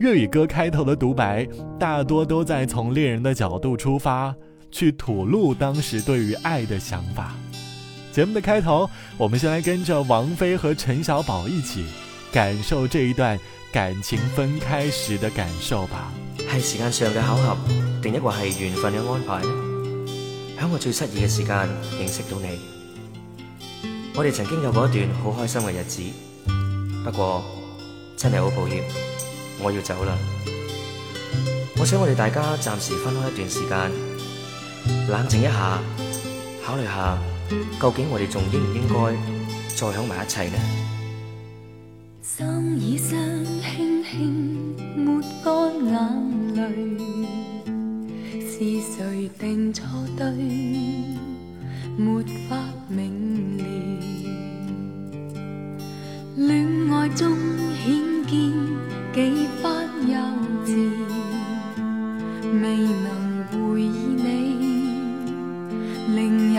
粵語歌開頭的獨白，大多都在從戀人的角度出發，去吐露當時對於愛的想法。節目的開頭，我們先來跟着王菲和陳小寶一起，感受這一段感情分開時的感受吧。係時間上嘅巧合，定一個係緣分嘅安排呢？喺我最失意嘅時間認識到你，我哋曾經有過一段好開心嘅日子。不過，真係好抱歉。我要走喇，我想我哋大家暫時分開一段時間，冷靜一下，考慮下，究竟我哋仲應唔應該再響埋一齊呢？心已傷，輕輕抹乾眼淚，是誰定錯對，沒法明了。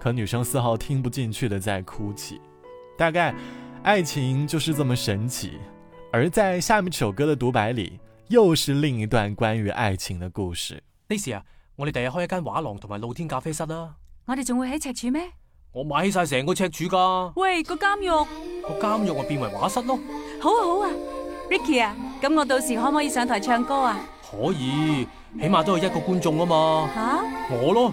可女生絲毫聽不進去的，在哭泣。大概，愛情就是這麼神奇。而在下面這首歌的獨白裏，又是另一段關於愛情的故事。Lisa，、啊、我哋第日開一間畫廊同埋露天咖啡室啦、啊。我哋仲會喺赤柱咩？我買晒成個赤柱㗎。喂，個監獄？個監獄啊，變為畫室咯。好啊，好啊，Ricky 啊，咁我到時可唔可以上台唱歌啊？可以，起碼都有一個觀眾啊嘛。吓、啊？我咯。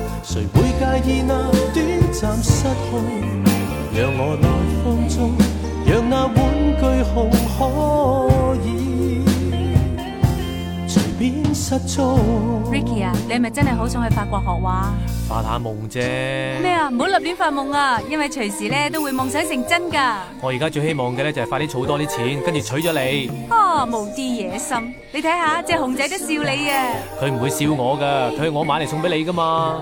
誰會介意那短暫失去？讓我來放縱，讓那玩具熊可以隨便失蹤。Ricky 啊，ki, 你係咪真係好想去法國學畫？發下夢啫。咩啊？唔好立亂發夢啊，因為隨時咧都會夢想成真噶。我而家最希望嘅咧就係、是、快啲儲多啲錢，跟住娶咗你。啊，無啲野心，你睇下，隻熊仔都笑你啊！佢唔會笑我噶，佢係我買嚟送俾你噶嘛。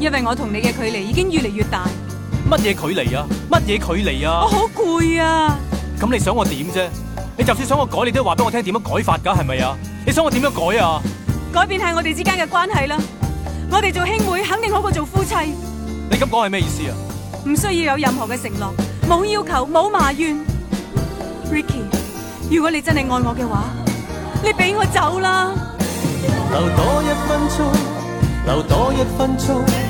因為我同你嘅距離已經越嚟越大，乜嘢距離啊？乜嘢距離啊？我好攰啊！咁你想我點啫？你就算想我改，你都要話俾我聽點樣改法噶，係咪啊？你想我點樣改啊？改變係我哋之間嘅關係啦。我哋做兄妹肯定好過做夫妻。你咁講係咩意思啊？唔需要有任何嘅承諾，冇要求，冇埋怨。Ricky，如果你真係愛我嘅話，你俾我走啦。留多一分鐘，留多一分鐘。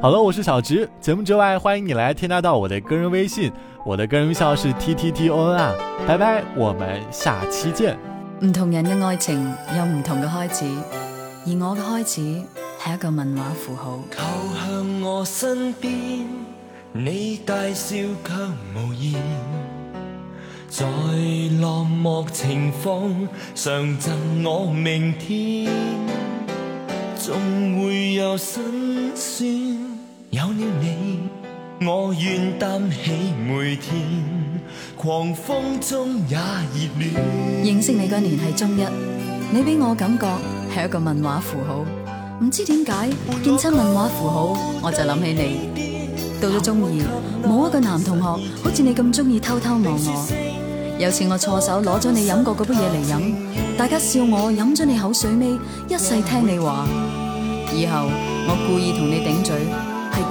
好了，我是小直。節目之外，歡迎你來添加到我的個人微信，我的個人微信號是、TT、T T T O N R，拜拜，我們下期見。唔同人嘅愛情有唔同嘅開始，而我嘅開始係一個問號符號。靠向我身邊，你大笑卻無言，在落寞情風，上贈我明天，總會有辛酸。我願擔起每天狂風中也熱戀，認識你嗰年係中一，你俾我感覺係一個問號符號，唔知點解見親問號符號我就諗起你。到咗中二，冇一個男同學好似你咁中意偷偷望我。有次我錯手攞咗你飲過嗰杯嘢嚟飲，大家笑我飲咗你口水尾，一世聽你話。以後我故意同你頂嘴。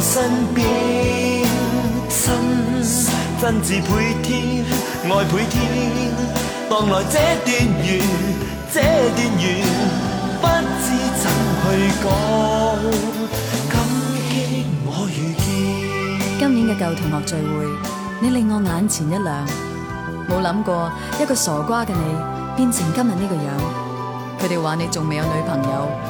不知怎去講，感激我遇見。今年嘅舊同學聚會，你令我眼前一亮。冇諗過一個傻瓜嘅你，變成今日呢個樣。佢哋話你仲未有女朋友。